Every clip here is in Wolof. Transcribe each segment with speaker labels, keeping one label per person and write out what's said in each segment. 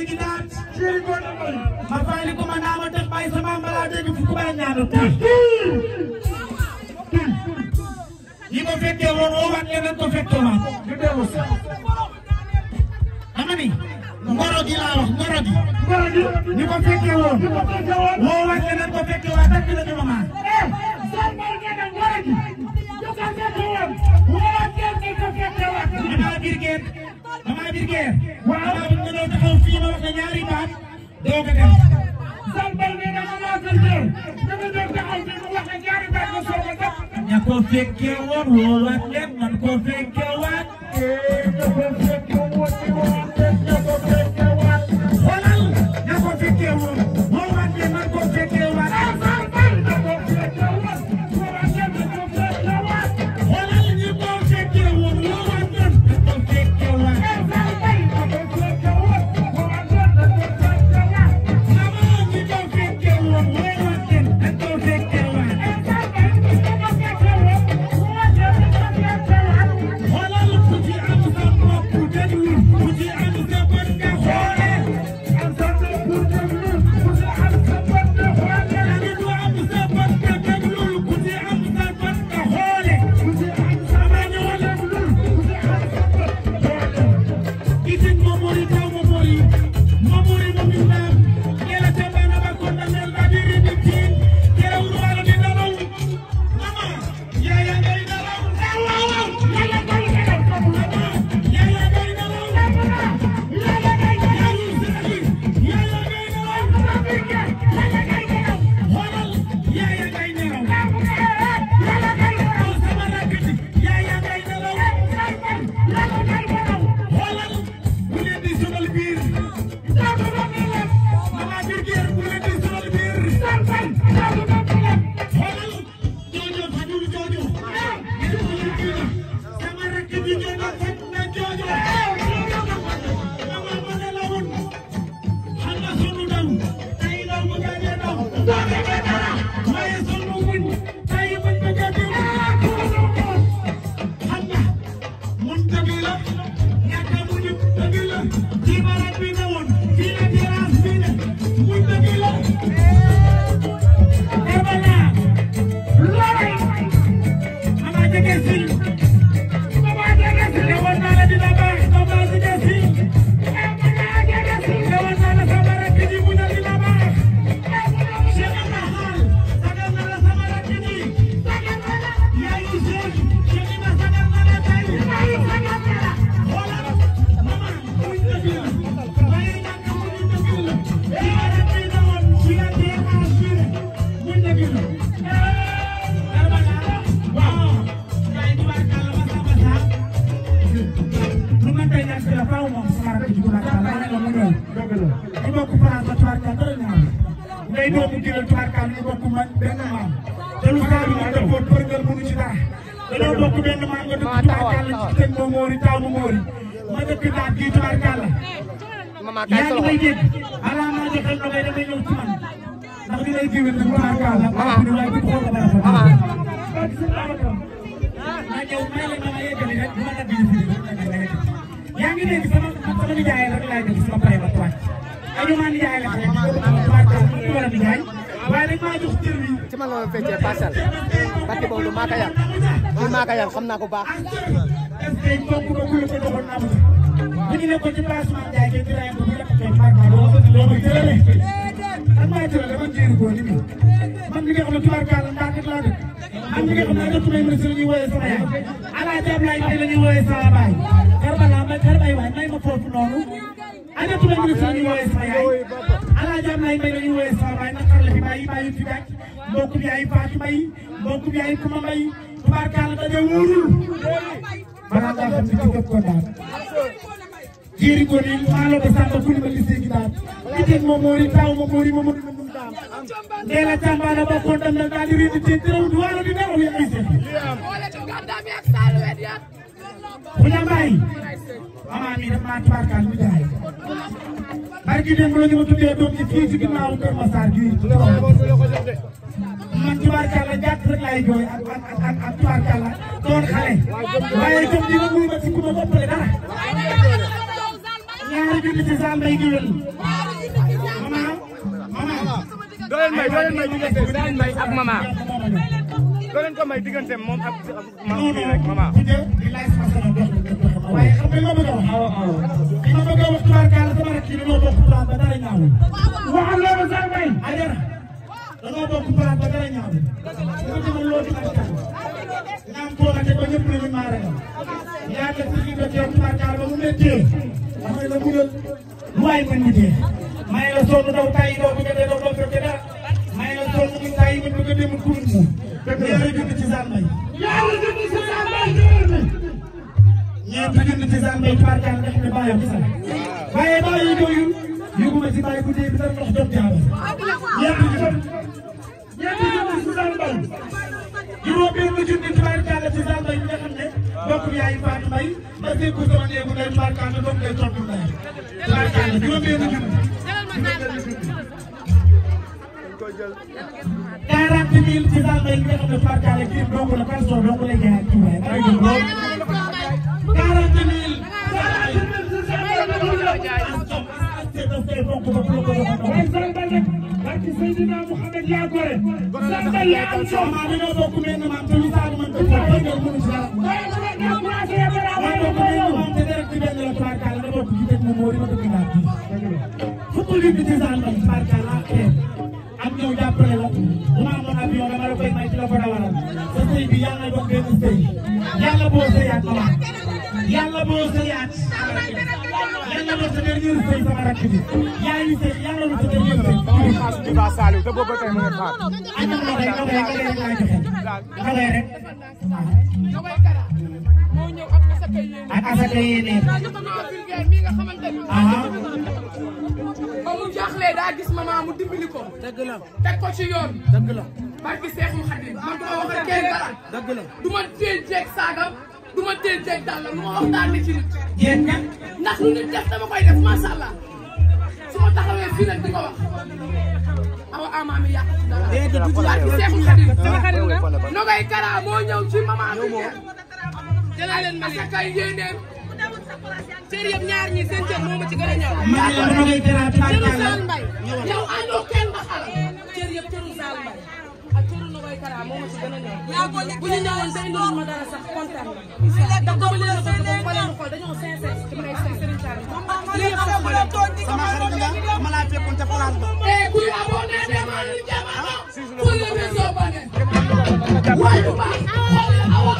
Speaker 1: léegi daal chéri ko na koy ma fay li ko ma naa ma tëj bay sama mbalaate gi fukk bay ñaanu tëj yi ko fekkee woon woo waat leneen ko fekkee waat ñu dellu ama ni ngoro gi laa wax ngoro gi ngoro gi ñi ko fekkee woon woo waat leneen ko fekkee waat ak dina ñu ma eh sal mar ngena ngoro gi jokkal fekkee woon woo waat leneen eh, ko fekkee waat dama biir geer dama biir geer waaw na ñaari baat doo ko def Zalbal nee na ma waa Kër dama doon taxaw bi mu wax ak ñaari baat nga soog a def. ña ko fekkee woon woowaat leen man ko fekkee waat. Eh, dëgg la ñu bokk France ba tubaarkaal dara ñu am ngay doomu Gine tubaarkaal ñu bokk man benn maam te lu saa bi ñu defoon përgël mënu ci dara dañoo bokk benn maam nga dëkk tubaarkaal la ci teg moo moori taw mu moori ma dëkk naat kii tubaarkaal la yaa ngi may dégg alaa maa joxel ma ngay damay ñëw ci man ndax li lay jiwee nag tubaarkaal la maa ngi lay ko xool dara fa maa ñëw may la ma yegali rek ma la bi ñu léegi sama sama nijaay rek laay def sama pare ba toj. añu maa nijaay la xam ne moom maa toog mu war a nijaay waaye nag maa jox cër bi. ci ma la ma feccee parcelle bàkki boobu du maa ko yar du maa ko yar xam naa ko baax. est ce que kooku ba kuy ko joxoon naa ko ci. bu ñu nekkoon ci placement jaay kee jëlaat ko bu ñu def ko maa ko loo koy jëlalee. ak maa jëlalee man jéeri góor ni muy. man mi nga xam ne tubaarkàlla mbaa kat laa dëkk. man mi nga xam ne ak ëpp nañu ministre la ñuy woowee sama yaay. alaaji Ablaye Mbaye la ñuy woowee sama baay. xarab ay waay may ma foofu noonu aja tu lañu ci ñu woowee sama yaay ala jam lay may lañu woowee sama baay naqar la fi bàyyi bàyyi fi gàcc mbokk bi yaay Fatou Mbaye mbokk bi yaay Kuma Mbaye tubaarkàlla daje wóorul balaa ngaa xam ne ci képp ko daal jiiri ko ni maa la ko sàmba ku ni ma gisee gitaar itin ma moori taaw ma moori ma moori Ndéla Thiambane ba kontaan na daal di réer di téye terewul wala di nelaw ya ay seen. Foundiambaay. maman mii daf maa tubaarkaal mu jaay barki démb la ñu ma tuddee doom ci fii ci ginnaawu Kër Massar gii man tubaarkaal la jàpp rek laay jooy ak ak ak ak tubaarkaal la doon xale waaye jom dina muy ma ci ku ma toppale dara ñaari junni ci saal may géwél maman maman dooleen may dooleen may diggante dooleen may ak maman dooleen ko may diggante moom ak maman rek maman waaye xam nga ma bëgg a wax. waaw waaw li ma bëgg a wax tubaarkàlla sama rakk yi dañoo bokk plan ba dara ñaawul. waxal loolu sax may ajara dañoo bokk plan ba dara ñaawul. dama dama loo ci askan. naam toogate ba ñëpp nañu maare la. yaa ngi fi ñu ko teew tubaarkàlla ba mu méttee. damay la munal lu waay mën nga dee. may la sonn daw tay doo bëgg a dee doo bëgg a dara. may la sonn ñu tay nga bëgg a dem kuréel mu. dëgg la yàlla jënd ci sànni.
Speaker 2: yàlla jënd ci
Speaker 1: ñii tëjal na ci sax mais par cas nga xam ne bàyyam sax waaye bàyyi yu doyul yóbbu ma ci bàyyi bu dee bi dara ndox jot jaaba ñeenti ñu jot ñeenti ñu jot ci sax mbay juróom benn junni tubaab kàlla ci sax mbay bi nga xam ne mbokk bi yaay Fatou Mbaye ba dégg ko sama néegu ndey tubaab kàlla doom ngay tontu ndey tubaab kàlla juróom benn junni quarante mille ci sax mbay bi nga xam ne tubaab kàlla kii dong la personne dong lay jaay ak la gore sànqal la am soo maa ngi doon bokk mel ni maam te lu saa mën te foofu ba nga mënu si dara. maa bokk mel ni maam te dara ci benn la tubaarkaal la bokk ci teg ma moo di ma dëkk naa bii. fukk li bi ci saa man tubaarkaal laa xeeb ak ñëw jàppale la bu ma amoon avion dama la koy may ci la ko dawaral sa sëy bi yàlla doon benn sëy yàlla boo sëyaat ma wax yàlla boo sëyaat. yàlla na sa dernier sëy sama rakk bi yaa ngi sëy yàlla na sa dernier sëy Diba Saliou te boobu tey mu ngi xaar ana nga lay nga lay nga lay joxe nga lay rek ak asaka yéene aha ba mu jaaxlee daa gis maman mu dimbali ko dëgg la teg ko ci yoon dëgg la barki Seexu Xadim man duma wax ak kenn dara dëgg la du ma téye jeeg saagam du ma teel teg daal la lu ma ci nit. yéen lu nit def dama koy def macha allah su ma taxawee fii wax awa amaami yàq ci dara. déedéet du ci yàq Seexul Xadiim sama xarit nga. Nogay Kara moo ñëw ci mama Africaine. jëlaa leen mali ak ay yéeneem. cër yëpp ñaar ñi seen cër moo ma ci gën a ñëw. maa ngi lay Nogay Kara moo ma ci gën a ñor bu ñu ñëwoon te indiwoon ma dara sax kontaan na ndax dama leen a bëgg ba ma leen xool dañoo sincère ci may sëñ Serigne Sall li yëpp sax ma leen sama xarit nga ma laa fekkoon ca place ba e kuy abonné demal li jamono kuy le réseau ba ne waay bu baax xool awa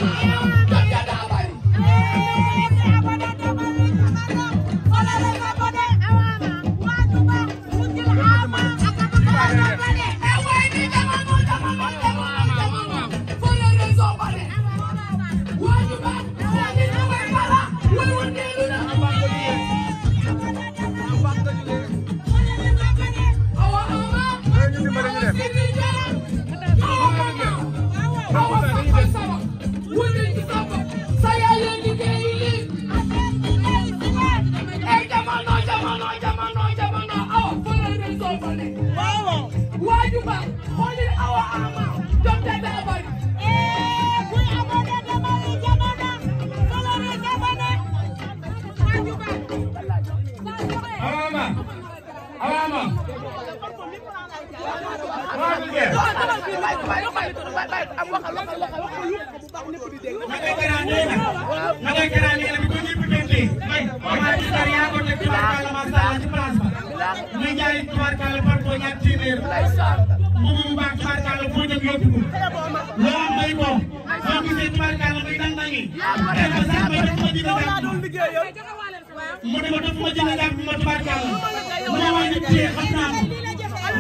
Speaker 1: am waxal waxal waxal waxal lu bu baax ñëpp di dégg. na koy gëraat nee na. waaw na koy gëraat nee na bi ko ñëpp déggee. may Omar Sarr yaa ko teg tubaarkalla macha allah ci place ba. muy jaay tubaarkalla par rapport ñaar téeméer. mu mu baax tubaarkalla foo jëm yóbbu ko. loo am may ko. soo gisee tubaarkalla muy dandangi. te ko sax may def ma dina jàpp.
Speaker 2: mu ne ma def ma dina jàpp ma tubaarkalla. mu ma wàññi téye xam naa ko.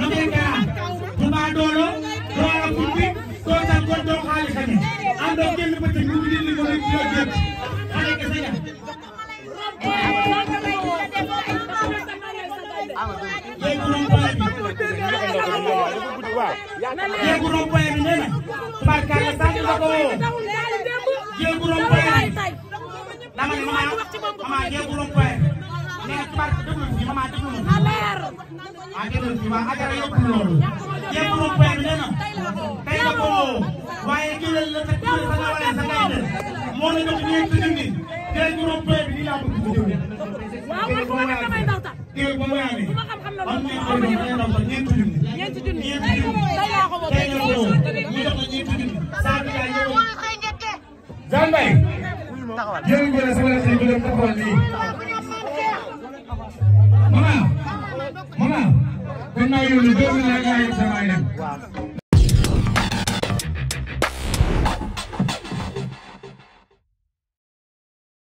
Speaker 2: na koy gëraat.
Speaker 1: bu baax doolo. doolo pour bi. soo tax ko doo xaali xane ando kenn bëccëg mu ngi li ko nit yoo jëpp xale ka saña léegi rond-point bi léegi rond-point bi nee na barkaal la sax nga ko woo léegi
Speaker 2: rond-point
Speaker 1: bi dama ne mama mama léegi rond-point nee ci barke déglu ñu mama déglu ñu ah déglu ñu waa Adara yëpp loolu yëpp moom père bi nee na tey la ko waaye jëlal la sa jëlal sa nawale sa gaynde moo la jox ñeent junni jëlal ñu moom père bi nii laa bëgg ko jël waaw ko nak damay ndaw ta dégg ko yaa ni ma xam xam na lu ko xam na ndaw ta ñeent junni ñeent junni ñeent junni day la ko mo tay ñu jox la ñeent junni sa bi yaa ñëw Zane Mbaye yéen ñu la sama xel bi dem taxawal nii